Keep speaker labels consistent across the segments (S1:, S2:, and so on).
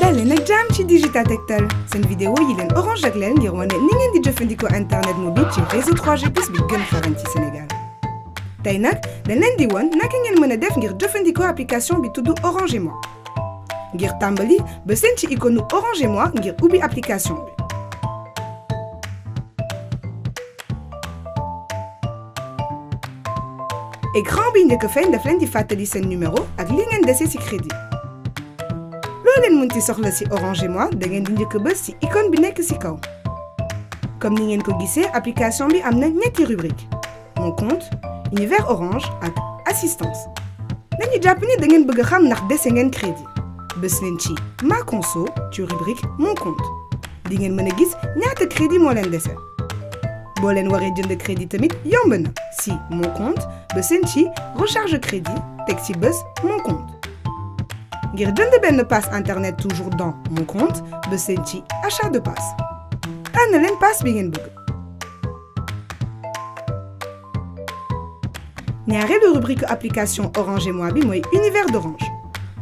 S1: daleen ak jàmm ci digital tektal seen vidéo yi leen orange ak leen ngir wane ni ngeen di jëfandikoo internet mobile ci réseau 3G plus bi gën faran ci Sénégal tey nag dañ leen di wan naka ngeen mën a def ngir jëfandikoo application bi tudd orange ngir tàmbali ba seen ci icône orange et moi ngir ubbi application bi écran bi njëkk a feeñ daf leen di fàttali seen numéro ak li ngeen dese ci crédit loo leen soxla si Orange et Moi da ngeen di njëkk bës si icône bi nekk si kaw comme ni ngeen ko gisee application bi am na ñetti rubrique mon compte univers orange ak assistance dañu ni da ngeen bëgg a xam ndax dese ngeen crédit bës leen ci ma conso ci rubrique mon compte di ngeen mën a gis ñaata crédit moo leen dese boo leen waree jënd crédit tamit yomb na si mon compte bës leen ci recharge crédit teg ci bës mon ngir jënd benn pass internet toujours dans mon compte ba seen ci achat de pas tànn leen pass bi ngeen bëgg. ñaareelu rubrique application Orange moi bi mooy univers d'Orange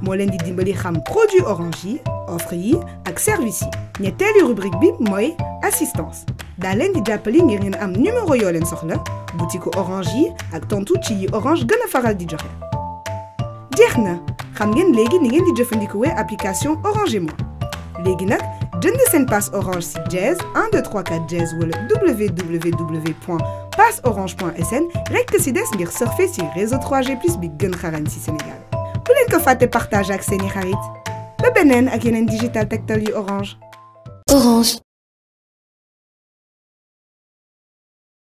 S1: moo leen di dimbali xam produit Orange yi offre yi ak service yi ñetteelu rubrique bi mooy assistance daa leen di jàppali ngir ngeen am numéro yoo leen soxla boutique Orange yi ak tontu ci yi Orange gën faral di joxe jeex na. xam ngeen léegi ni ngeen di jëfandikuwee application Orange et moi léegi nag jënd seen pass Orange si jazz 1 2 3 4 jazz wala www.passorange.sn rek si des ngir surfer si réseau 3G plus bi gën xarañ si Sénégal bu leen ko fàtte
S2: partage ak seeni xarit ba beneen ak yeneen digital tektal yu Orange. Orange.